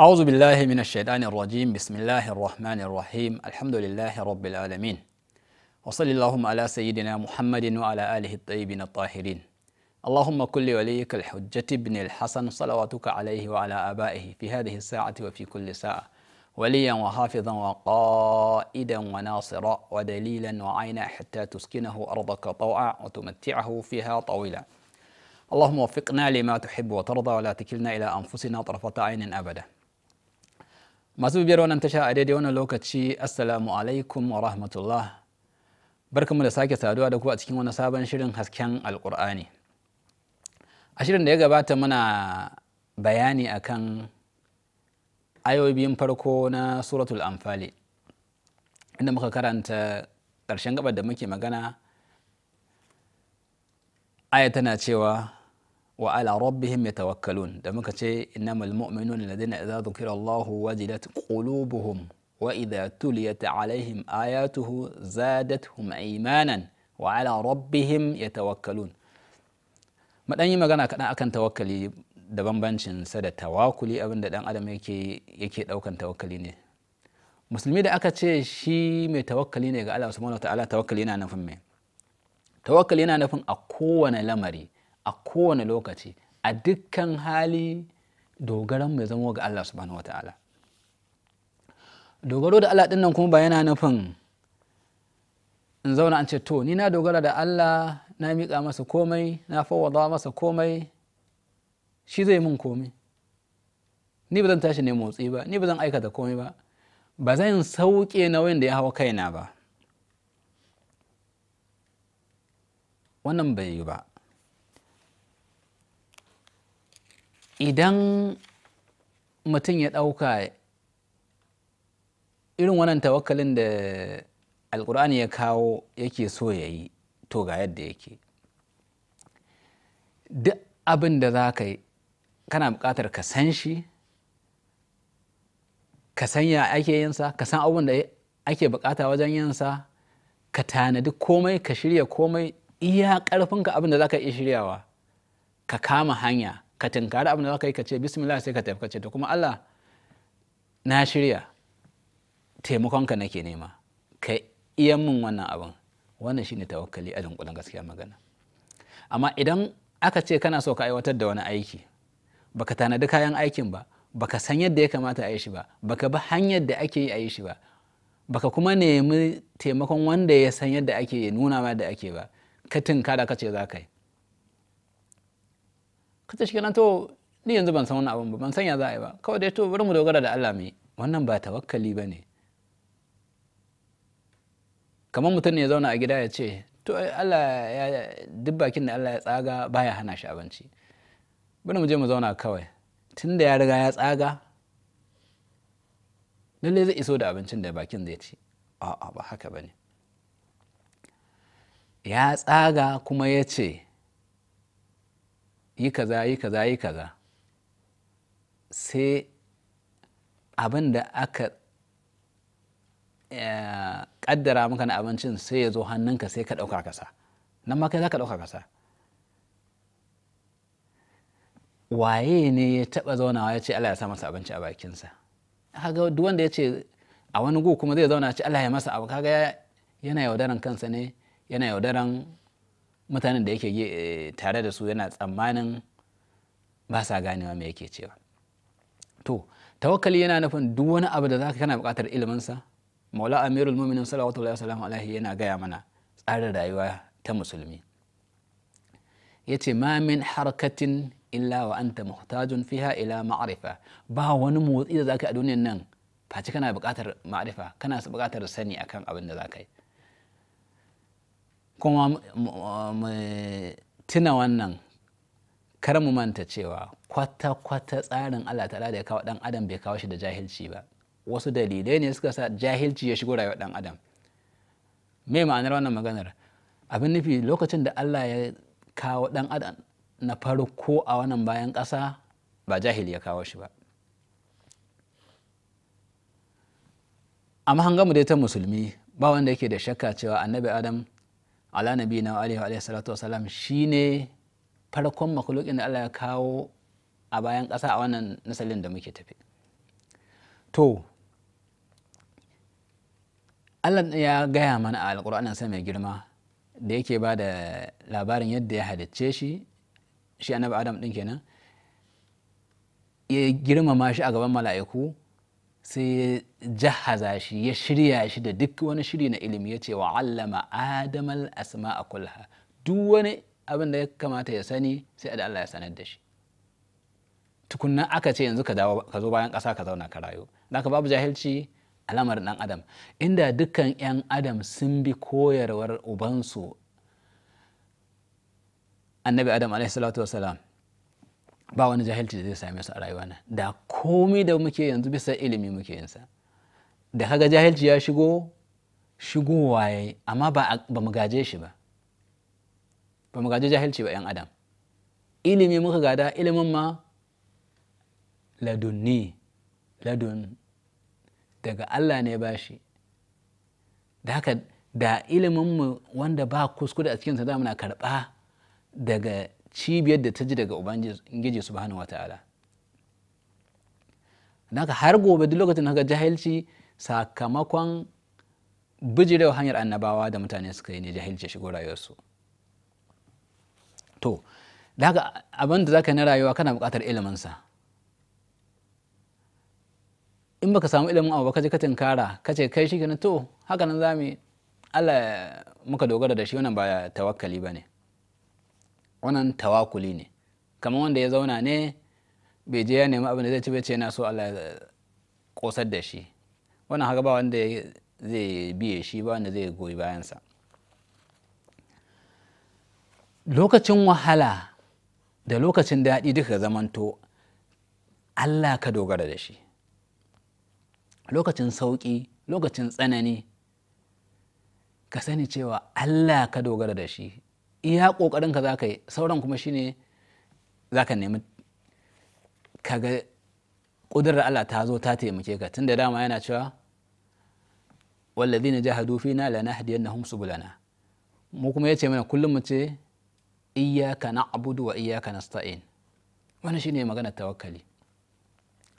أعوذ بالله من الشيطان الرجيم بسم الله الرحمن الرحيم الحمد لله رب العالمين وصل اللهم على سيدنا محمد وعلى آله الطيبين الطاهرين اللهم كل وليك الحجة بن الحسن صلواتك عليه وعلى آبائه في هذه الساعة وفي كل ساعة وليا وحافظا وقائدا وناصرا ودليلا وعينا حتى تسكنه أرضك طوعا وتمتعه فيها طويلا اللهم وفقنا لما تحب وترضى ولا تكلنا إلى أنفسنا طرفة عين أبدا masu bibiyar wannan tasha a daidai wannan lokaci assalamu alaikum wa rahmatullah barkamu da sake saduwa da ku a cikin wani sabon shirin hasken alkur'ani a shirin da ya gabata muna bayani akan ayoyi farko na suratul amfali inda muka karanta ƙarshen gabar da muke magana aya tana cewa wa ala rabbihim yatawakkalun da muka ce innamal mu'minuna na daina dhukira Allahu wajilat qulubuhum wa idza tuliyat alaihim ayatuhu zadatuhum imanan wa ala rabbihim yatawakkalun madan yi magana kaɗan akan tawakkali da bambancin sa da tawakuli abinda dan adam yake yake daukan tawakkali ne musulmi da aka ce shi mai tawakkali ne ga Allah subhanahu wa ta'ala tawakkali yana nufin a kowane lamari a kowane lokaci a dukkan hali dogaran mai zama ga Allah subhanahu wa ta'ala dogaro da Allah ɗin kuma ba yana nufin in zauna an ce to ni na dogara da Allah na miƙa masa komai na fawwada masa komai shi zai min komai ni ba zan tashi ne motsi ba ni ba zan aikata komai ba ba zan sauke na wanda ya hawa kaina ba wannan bai yi ba idan mutum ya ɗauka irin wannan tawakkalin da alkur'ani ya kawo yake so ya yi to ga yadda yake duk abin da za ka yi kana buƙatar ka san shi ka san ya ake yinsa ka san abin da ake buƙata wajen yinsa ka tanadi komai ka shirya komai iya ƙarfinka abin da za ka iya shiryawa ka kama hanya ka tinkari abin da za ka yi ka ce bismillah sai ka tafi ka ce to kuma Allah na shirya taimakonka nake nema ka iya min wannan abin wannan shine tawakkali a dunkulen gaskiya magana amma idan aka ce kana so ka aiwatar da wani aiki baka tanadi kayan aikin ba baka san yadda ya kamata a yi shi ba baka bi hanyar da ake yi a yi shi ba baka kuma nemi taimakon wanda ya san yadda ake nuna ma da ake ba ka tinkara ka ce za ka yi kace shi kenan to ni yanzu ban san wani abin ba ban san ya za a yi ba kawai dai to bari mu dogara da Allah mai wannan ba tawakkali ba ne kamar mutum ne ya zauna a gida ya ce to Allah ya duk bakin da Allah ya tsaga baya hana shi abinci bari mu je mu zauna kawai tun da ya riga ya tsaga lallai zai iso da abincin da bakin zai ci a'a ba haka ba ne ya tsaga kuma ya ce yi kaza yi kaza yi kaza sai abin da aka kaddara eh, maka na abincin sai ya zo hannunka sai ka ɗauka kasa nan ma kai za ka ɗauka kasa waye ne ya taɓa zaunawa ya ce Allah ya sa masa abinci a bakinsa kaga duk wanda ya ce a wani gu kuma zai zauna ce Allah ya masa abu kaga yana yaudaran kansa ne yana yaudaran mutanen da yake eh, tare da su yana tsammanin ba sa ganewa me yake cewa to tawakkali yana nufin duk wani abu da zaka kana buƙatar iliminsa maula amirul mu'minin sallallahu alaihi yana gaya mana tsarin rayuwa ta musulmi yace ma min katin illa wa anta muhtajun fiha ila ma'rifa ba wani motsi da zaka a duniyar nan face kana buƙatar ma'arifa kana su bukatar sani akan abin da zaka yi kuma mu tuna wannan kar mu manta cewa kwata-kwata tsarin Allah ta da ya kawo dan adam bai kawo shi da jahilci ba wasu dalilai ne suka sa jahilci ya shigo rayuwar ɗan adam mai ma'anar wannan maganar abin nufi lokacin da Allah ya kawo dan adam na farko a wannan bayan ƙasa ba jahili ya kawo shi ba amma hangamu dai ta musulmi ba wanda yake da shakka cewa annabi adam ala nabi na alaihi wa salatu wasalam shine farkon makhlukin da Allah ya kawo a bayan ƙasa a wannan nasalin da muke tafi to Allah ya gaya mana a alƙur'anin sai mai girma da yake ba da labarin yadda ya halicce shi shi annabi adam ɗin kenan ya girmama shi a gaban mala'iku sai ya jahaza shi ya shirya shi da duk wani shiri na ilimi ya ce wa allama adamal asma a kulha duk wani abin da ya kamata ya sani sai da Allah ya sanar da shi tukunna aka ce yanzu ka dawo zo bayan ƙasa ka zauna ka rayu ka babu jahilci alamar dan adam inda dukkan 'yan adam sun bi koyarwar ubansu annabi adam alaihi ba wani jahilci da zai same su a rayuwa na da komai da muke yanzu bisa ilimi muke yin sa da kaga jahilci ya shigo shigo waye. amma ba ba mu gaje shi ba ba mu gaje jahilci ba yan adam ilimi muka gada ilimin ma ladunni ladun daga Allah ne ba shi da haka da mu wanda ba kuskure a sa za muna karɓa daga cibiyar da ta ji daga ubangiji bahana wata'ala don ka har gobe duk lokacin haka jahilci sakamakon bijirewa hanyar annabawa da mutane suka yi ne jahilci shigo rayuwarsu to da haka abin da za yi na rayuwa kana buƙatar iliminsa in baka samu ilimin abu ka je ka tinkara ka ce kai shi to haka nan za mu Allah muka dogara da shi wannan ba tawakkali ba ne wannan tawakuli ne kamar wanda ya zauna ne bai je ya nemi abin da zai ci bai ce yana so Allah ya kosar da shi wannan haka ba wanda zai biye shi ba wanda zai goyi bayansa lokacin wahala da lokacin daɗi duka zamanto Allah ka dogara da shi lokacin sauƙi lokacin tsanani ka sani cewa Allah ka dogara da shi iya kokarin ka zaka yi sauran kuma shine zaka nemi kaga kudurar Allah ta zo ta taimake ka tunda dama yana cewa والذين جاهدوا فينا su bulana, mu kuma ya ce mana kullum mu ce iyaka na'budu wa iyaka nasta'in wannan shine magana tawakkali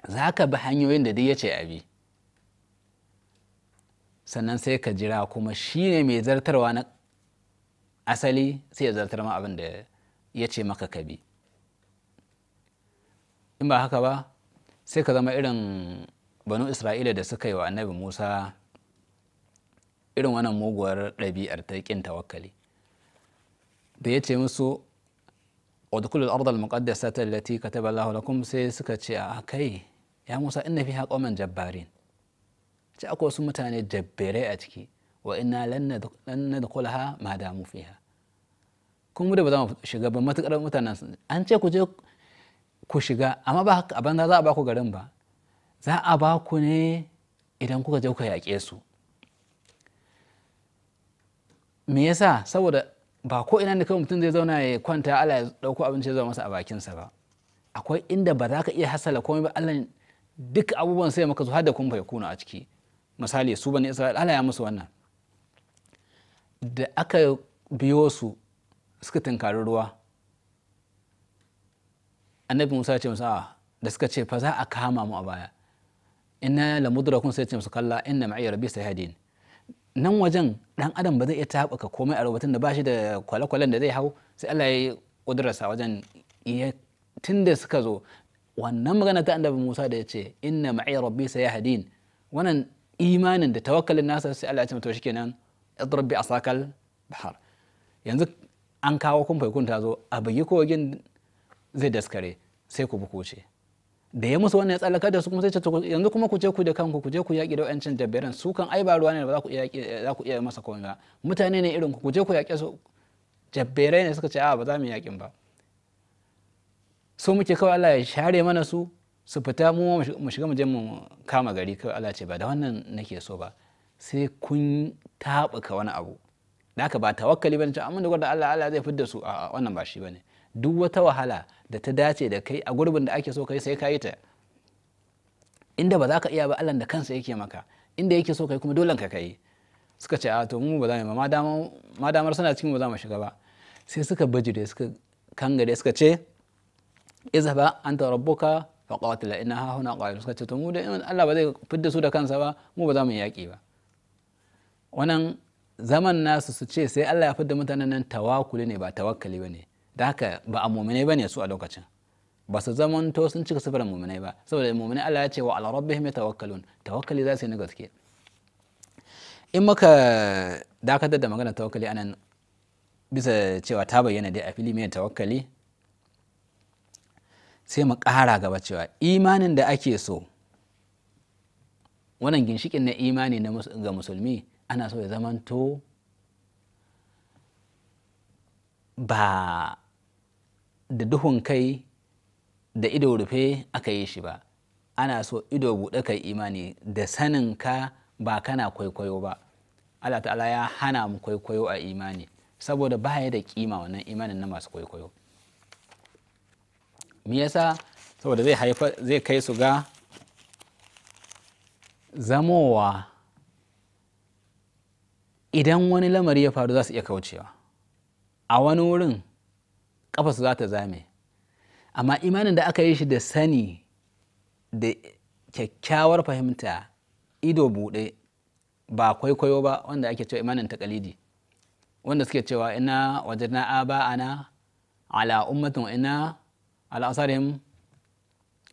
zaka bi hanyoyin da duk ya ce abi sannan sai ka jira kuma shine mai zartarwa na asali sai ya zartar ma abin da ya ce maka ka bi in ba haka ba sai ka zama irin banu isra'ila da suka yi wa annabi musa irin wannan muguwar ɗabi'ar ta ƙin tawakkali da ya ce musu wadukul al'ardar muƙaddasa ta lati ka taba lakum sai suka ce a kai ya musa inna fi haƙoman jabbarin ce akwai wasu mutane jabbirai a ciki wa ina lan da dukulaha ma damu fiha kun da ba za mu shiga ba matuƙar mutanen sun an ce ku je ku shiga amma ba haka abin za a ba ku garin ba za a ba ku ne idan kuka je kuka yaƙe su me yasa saboda ba ko ina ne kawai mutum zai zauna ya kwanta Allah ya dauko abinci ya zama masa a bakinsa ba akwai inda ba za ka iya hasala komai ba Allah duk abubuwan sai maka zuwa da kun bai kuna a ciki misali su bane Isra'il Allah ya musu wannan da aka biyo su suka tunkari ruwa annabi musa ce musu ah, da suka ce fa za a kama mu a baya inna la mudrakun sai ce musu kalla inna ma'i rabbi sayhadin nan wajen dan adam ba zai iya tabaka komai a rubutun da ba shi da kwale-kwalen da zai hau sai Allah ya yi kudurarsa wajen iya tun da suka zo wannan magana ta annabi Musa da ya ce inna ma'i rabbi sayhadin wannan imanin da tawakkalin nasa sai Allah ya ce to shikenan a bi asakal bahar yanzu an kawo kun faikun ta zo a bugi kogin zai daskare sai ku bukuce da ya musu wannan ya tsallaka da su kuma sai yanzu kuma ku je ku da kanku ku je ku yaƙi da wayancin dabbaran su kan ai ba ruwa ne ba za ku iya masa komai ba mutane ne irin ku je ku yaƙe su jabberai ne suka ce a ba za mu yaƙin ba Su muke kawai Allah ya share mana su su fita mu mu shiga mu je mu kama gari kawai Allah ce ba da wannan nake so ba sai kun tabuka wani abu da haka ba tawakkali bane cewa amma da gwada Allah Allah zai fidda su a wannan ba shi bane duk wata wahala da ta dace da kai a gurbin da ake so kai sai kayi ta inda ba za ka iya ba Allah da kansa yake maka inda yake so kai kuma dole ka kai suka ce a to mu ba za mu ma ma damar suna cikin ba za mu shiga ba sai suka bijire suka kangare suka ce izhaba anta rabbuka faqatila inna ha huna qail suka ce to mu da Allah ba zai fidda su da kansa ba mu ba za mu yaki ba wannan zaman nasu su ce sai Allah ya da mutanen nan tawakuli ne ba tawakkali ba ne da haka ba a muminai ba ne su a lokacin ba su zamanto sun cika sifar muminai ba saboda muminai Allah ya ce wa ala mai yatawakkalun tawakkali za su yi na gaske in muka dakatar da magana tawakali anan bisa cewa ta bayyana dai a fili mai tawakali sai mu ƙara gaba cewa imanin da ake so wannan ginshikin na imani ga musulmi ana so ya zamanto ba da duhun kai da ido rufe aka yi shi ba ana so ido buɗe kai imani da sanin ka ba kana kwaikwayo ba Allah ta'ala ya hana mu kwaikwayo a imani saboda ba ya da kima wannan imanin na masu kwaikwayo me yasa saboda zai kai su ga zamowa idan wani lamari ya faru za su iya kaucewa a wani wurin kafa su za ta zame amma imanin da aka yi shi da sani da kyakkyawar fahimta ido buɗe ba kwaikwayo ba wanda ake cewa imanin takalidi wanda suke cewa ina a ba ana ala ummatin ina ala asarihim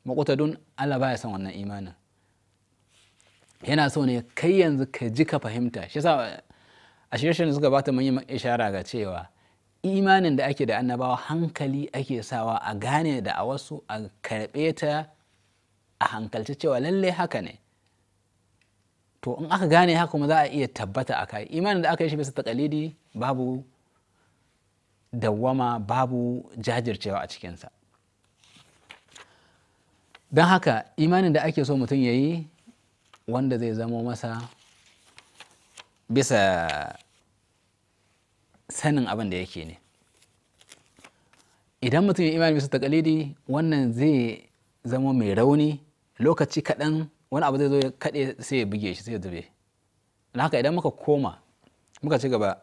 maƙutadun Allah baya son wannan imanin yana so ne kai yanzu ka ji ka fahimta shi yasa a shirin suka bata yi ishara ga cewa imanin da ake da annabawa hankali ake sawa a gane da a wasu a karɓe ta a hankalci cewa lallai haka ne to in aka gane haka kuma za a iya tabbata a kai imanin da aka yi shi bisa takalidi babu dawwama babu jajircewa a cikinsa don haka imanin da ake so mutum ya yi wanda zai zamo masa bisa sanin abin da yake ne idan mutum ya imani bisa takalidi wannan zai zama mai rauni lokaci kaɗan wani abu zai zo ya kaɗe sai ya buge shi sai ya zube na haka idan muka koma muka ci gaba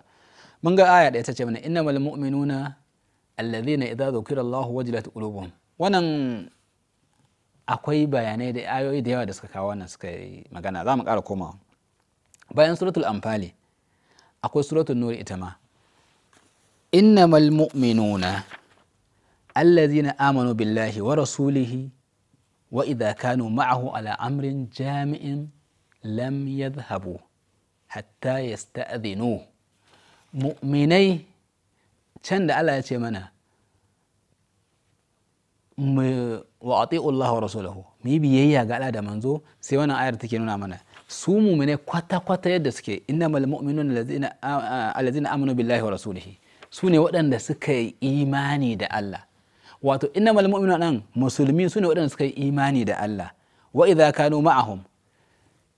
mun ga aya da ita ce mana inna mal mu'minuna alladhina idza dhukira Allahu wajilat qulubuhum wannan akwai bayanai da ayoyi da yawa da suka kawo wannan suka yi magana za mu ƙara komawa bayan suratul anfali akwai suratul nur ita ma innamal mu'minuna allazina amanu billahi wa rasulihi wa idza kanu ma'ahu ala amrin jami'in lam yadhhabu hatta yasta'dhinu mu'minai can da Allah ya ce mana wa ati'u Allah wa rasulahu mi biyayya ga Allah da manzo sai wannan ayar take nuna mana su mumine kwata-kwata yadda suke innamal mu'minuna allazina amanu billahi wa rasulihi su ne waɗanda suka yi imani da Allah wato innamal mu'minuna nan musulmi su ne waɗanda suka yi imani da Allah wa idza kanu ma'ahum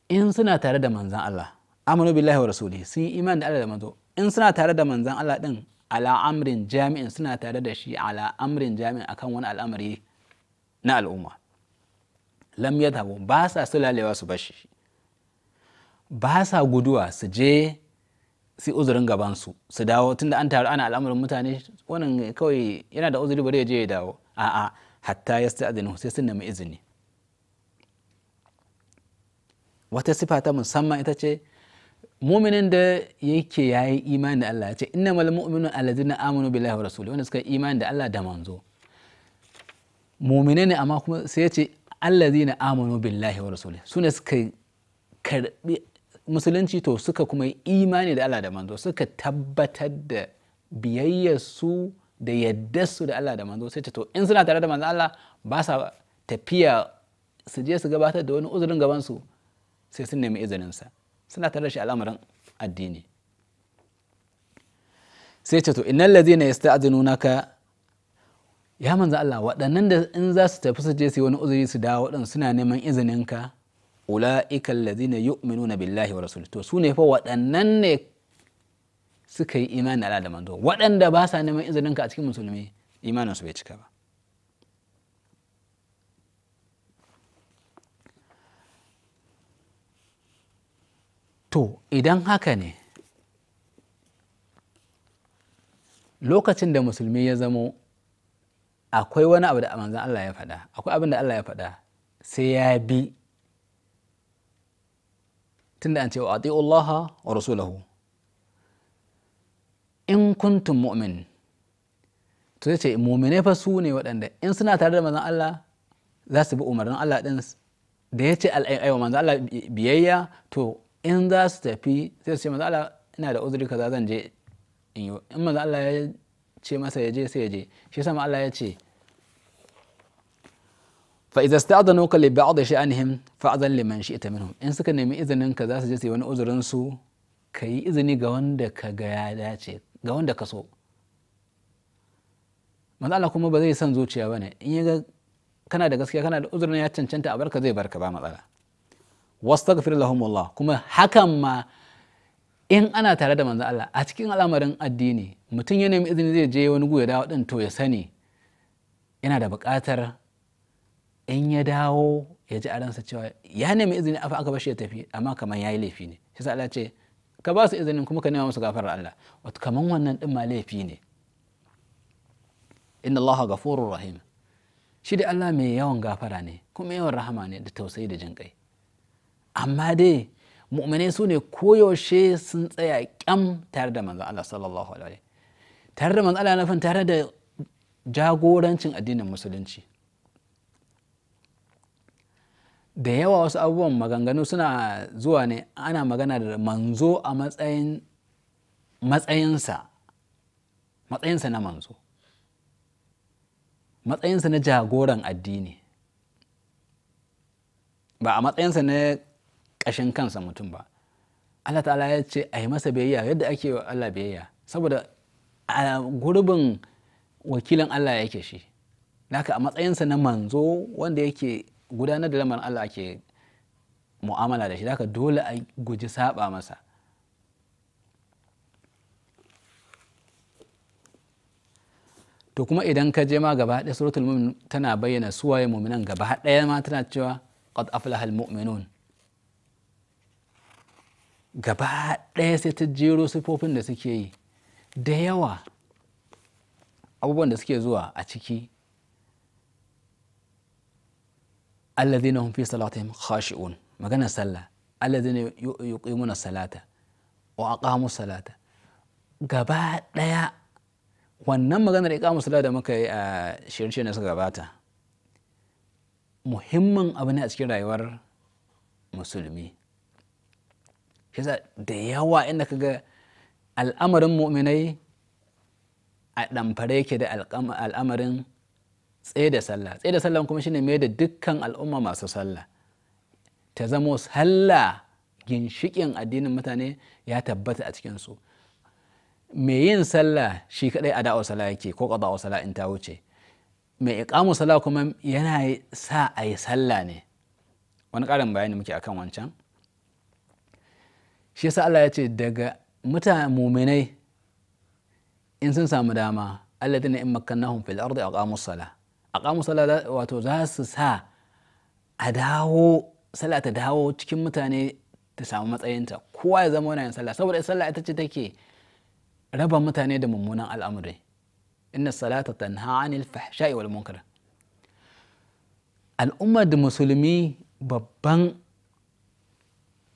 in suna tare da manzan Allah amanu billahi wa rasulihi sun yi imani da Allah da manzo in suna tare da manzan Allah din ala amrin jami'in suna tare da shi ala amrin jami'in akan wani al'amari na al'umma lam yadhabu ba sa sulalewa su bashi ba sa guduwa su je su uzurin gabansu su dawo tunda an taru ana al'amarin mutane wannan kawai yana da uzuri bari ya je ya dawo a'a hatta ya sta'adinu sai sun nemi izini wata sifa ta musamman ita ce muminin da yake yayi imani da Allah ya ce innamal mu'minu alladhina amanu billahi wa rasuli wanda suka imani da Allah da manzo mumine ne amma kuma sai ya ce allazina amanu billahi wa rasuli su ne suka karbi musulunci to suka kuma yi imani da Allah da manzo suka tabbatar da biyayyarsu da yaddarsu da Allah da manzo sai ce to in suna tare da manzo Allah ba sa tafiya su je su gabatar da wani uzurin gabansu sai sun nemi izininsa suna tare da shi al'amarin addini sai ce to innal ladzina yasta'dinunaka ya manzo Allah waɗannan da in za su tafi su je su yi wani uzuri su dawo waɗannan suna neman izininka ula'ika alladhina yu'minuna billahi wa rasulih to sune fa waɗannan ne suka yi imani Allah da manzo waɗanda ba sa neman izinin ka a cikin musulmi imanin su bai cika ba to idan haka ne lokacin da musulmi ya zamo akwai wani abu da manzan Allah ya faɗa akwai abin da Allah ya faɗa sai ya bi tunda an ce wa ati'u Allah wa rasulahu in kuntum mu'min to zai ce mu'minai fa su ne waɗanda in suna tare da manzon Allah za su bi umarnin Allah din da ya ce aiwa manzon Allah biyayya to in za su tafi sai su ce manzon Allah ina da uzuri kaza zan je in yi in manzon Allah ya ce masa ya je sai ya je shi sama Allah ya ce fa idza sta'danuka li ba'd sha'anihim fa'zan liman shi'ta minhum in suka nemi izinin ka za su je su yi wani uzurin su ka yi izini ga wanda ka ga dace ga wanda ka so manzo Allah kuma ba zai san zuciya bane in ya ga kana da gaskiya kana da uzurin ya cancanta a barka zai barka ba matsala wastaghfir lahum Allah kuma hakan ma in ana tare da manzo Allah a cikin al'amarin addini mutum ya nemi izini zai je wani guya dawo din to ya sani yana da bukatar. in ya dawo ya ji a ransa cewa ya nemi izini afa aka bashi ya tafi amma kamar yi laifi ne shi sa ce ka ba su izinin kuma ka nema musu gafarar Allah wato kamar wannan din ma laifi ne inna Allah ghafurur rahim shi da Allah mai yawan gafara ne kuma yawan rahama ne da tausayi da jin kai amma dai mu'minai su ne koyaushe sun tsaya kyam tare da manzon Allah sallallahu alaihi tare da manzon Allah nufin tare da jagorancin addinin musulunci da yawa wasu abubuwan maganganu suna zuwa ne ana magana da manzo a matsayin matsayinsa matsayinsa na manzo matsayinsa na jagoran addini ba a matsayinsa na ƙashin kansa mutum ba Allah ta'ala ya ce a yi masa biyayya yadda ake wa Allah biyayya saboda a gurbin wakilin Allah yake shi naka a matsayinsa na manzo wanda yake gudanar da lamarin Allah ake mu'amala da shi haka dole a guji saba masa to kuma idan ka je ma gaba ɗaya suratul mu'min tana bayyana suwaye mu'minan gaba ɗaya ma tana cewa qad aflaha muminun gaba ɗaya sai ta jero sifofin da suke yi da yawa abubuwan da suke zuwa a ciki alladhina hum fi salatihim khashi'un magana sallah alladhina yuqimuna salata wa aqamu salata gaba wannan maganar iqamu salata da muka yi a shirce na suka gabata muhimmin abu ne a cikin rayuwar musulmi shi da yawa inda ka ga al'amarin mu'minai a ɗamfare yake da al'amarin tsaye da sallah tsaye da sallah kuma shine mai da dukkan al'umma masu sallah ta zamo sallah ginshikin addinin mutane ya tabbata a cikin su. mai yin sallah shi kadai a da'o sallah yake ko a sallah in ta wuce mai iqamu sallah kuma yana sa a yi sallah ne wani karin bayani muke akan wancan shi yasa Allah ya ce daga mutane muminai in sun samu dama alladina in makkannahum fil ardi aqamu sallah a sallah wato za su sa a dawo sallah ta dawo cikin mutane ta samu matsayinta kowa ya zama yin sallah saboda sallah ita ce take raba mutane da mummunan al'amuri inna salata tanha anil fahsha'i wal munkar al'ummar da musulmi babban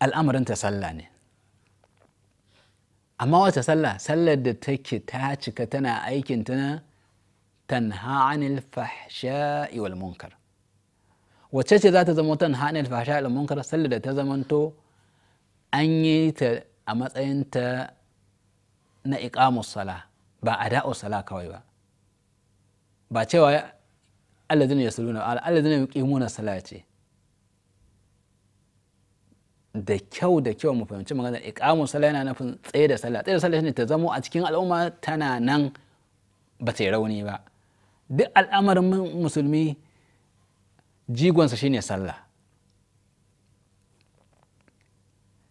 al'amarin ta sallah ne amma wata sallah sallar da take ta cika tana aikin ta تنهى عن الفحشاء والمنكر وتشي ذات زمو تنهى عن الفحشاء والمنكر سل ده تزمنتو أني ت أما أنت نإقام الصلاة بأداء الصلاة كويبا باتشوا الذين يصلون على الذين يقيمون الصلاة da kyau da kyau mu fahimci magana iqamu sallah yana nufin tsaye da sallah tsaye da sallah shine ta zamo a cikin al'umma tana duk al'amarin musulmi jigonsa shine sallah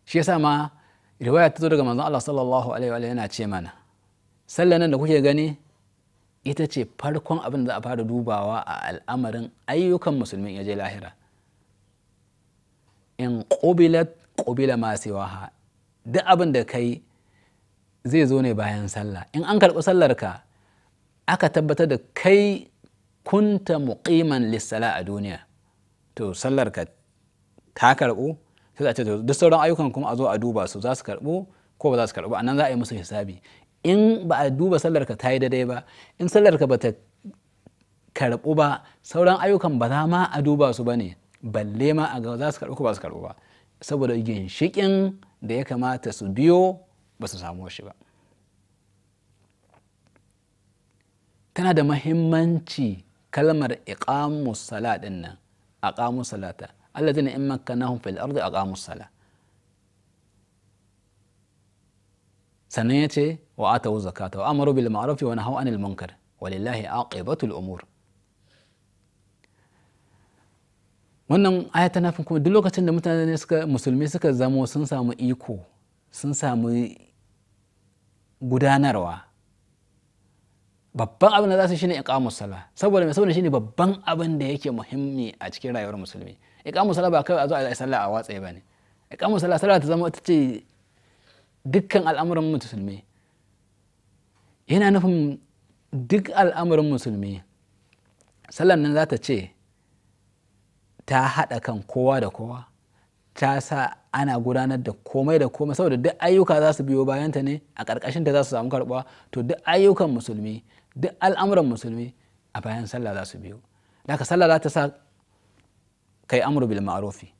shi yasa ma riwaya ta zo daga manzon Allah sallallahu alaihi wa yana ce mana sallah nan da kuke gani ita ce farkon abin da za a fara dubawa a al'amarin ayyukan musulmi ya je lahira in qubilat ƙubila ma siwaha duk abin da kai zai zo ne bayan sallah in an karɓi sallar ka aka tabbatar da kai kunta muƙiman lissala a duniya to sallar ka ta karɓo sai a ce to duk sauran ayyukan kuma a zo a duba su za su karɓo ko ba za su karɓo a za a yi musu hisabi in ba a duba sallar ta yi daidai ba in sallarka ka ba ta karɓu ba sauran ayyukan ba za ma a duba su ba ne balle ma a ga za su karɓo ko ba su karɓu ba saboda ginshiƙin da ya kamata su biyo ba su samu shi ba tana da mahimmanci kalmar iqamus sala din nan aqamus salata alladhina in makkanahum fil ardi aqamus sala sannan ya ce wa atawu zakata wa amaru bil ma'ruf wa nahaw anil munkar walillahi aqibatul umur wannan aya tana fin kuma duk lokacin da mutane suka musulmi suka zamo sun samu iko sun samu gudanarwa babban abin da za su shine iqamus sala saboda mai saboda shine babban abin da yake muhimmi a cikin rayuwar musulmi iqamus sala ba kawai a zo a yi sallah a watsaye bane iqamus sala sala ta zama ta ce dukkan al'amuran musulmi yana nufin duk al'amuran musulmi sallan nan za ta ce ta haɗa kan kowa da kowa ta sa ana gudanar da komai da komai saboda duk ayyuka za su biyo bayanta ne a ƙarƙashin ta za su samu karɓuwa to duk ayyukan musulmi duk al'amuran musulmi a bayan sallah za su biyo da ka sallah za ta sa ka yi amru bil ma'rufi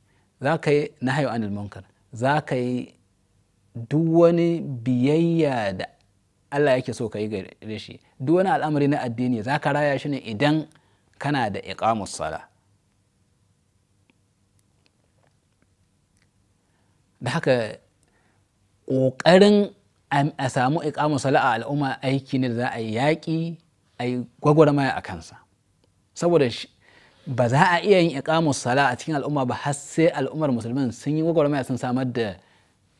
za ka yi nahyu anil munkar za ka yi duk wani biyayya da Allah yake so ka yi gare shi duk wani al'amari na addini za ka raya shi ne idan kana da iqamus sala da haka ƙoƙarin a samu iqamu sala'a al'umma aiki ne da za a yi yaƙi a yi gwagwarmaya a kansa saboda ba za a iya yin iqamu sala'a a cikin al'umma ba har sai al'ummar musulmin sun yi gwagwarmaya sun samar da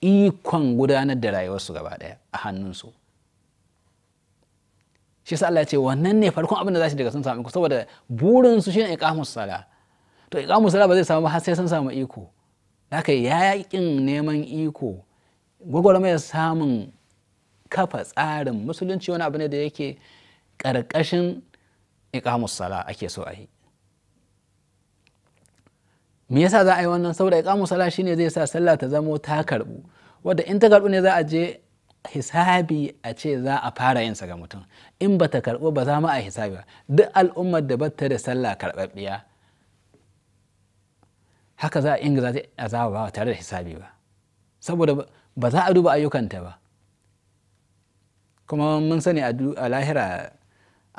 ikon gudanar da rayuwarsu gaba ɗaya a hannunsu shi sa Allah ya ce wannan ne farkon abin da za su daga sun samu iko saboda burin su shine iqamus sala to iqamus sala ba zai samu har sai sun samu iko haka yaƙin neman iko gwagwarmayar samun kafa tsarin musulunci wani abu ne da yake ƙarƙashin iqamus sala ake so a yi me yasa za a yi wannan saboda iqamus sala shine zai sa sallah ta zamo ta karbu wadda in ta karbu ne za a je hisabi a ce za a fara yinsa ga mutum in ba ta karbu ba za ma a hisabi ba duk al'ummar da bata da sallah karɓaɓɓiya haka za a za a zaba ba tare da hisabi ba saboda ba za a duba ayyukanta ba kuma mun sani a lahira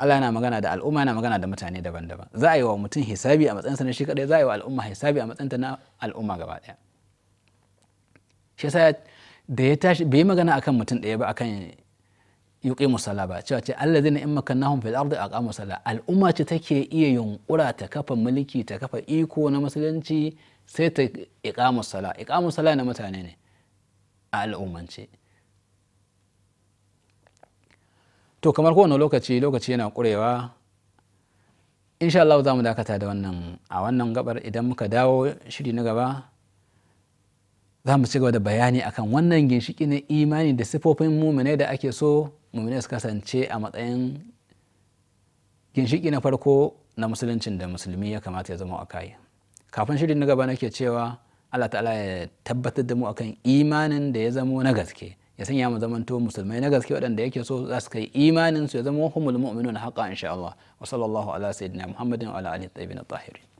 Allah yana magana da al'umma yana magana da mutane daban-daban za a yi wa mutum hisabi a matsayinsa na shi kadai za a yi wa al'umma hisabi a matsayinta na al'umma gaba daya shi yasa da ya tashi bai magana akan mutum daya ba akan yuƙi musala ba cewa ce Allah zai na in nahum fil ardi aqamu musala al'umma ce take iya yunkura ta kafa mulki ta kafa iko na musulunci sai ta iqamu sala iqamu sala na mutane ne a al'ummance to kamar kowane lokaci lokaci yana ƙurewa insha Allah za mu dakata da wannan a wannan gabar idan muka dawo shiri na gaba za mu ci gaba da bayani akan wannan ginshiki na imani da sifofin mumine da ake so mumine su kasance a matsayin ginshiki na farko na musuluncin da musulmi ya kamata ya zama a kai kafin shirin na gaba nake cewa allah ta'ala ya tabbatar da mu akan imanin da ya zamo na gaske ya sanya mu zamanto musulmai na gaske waɗanda yake so za su kai imanin su ya zama humul mu'minun haqqan insha Allah wa sallallahu ala sayyidina Muhammadin wa ala alihi tayyibin tahirin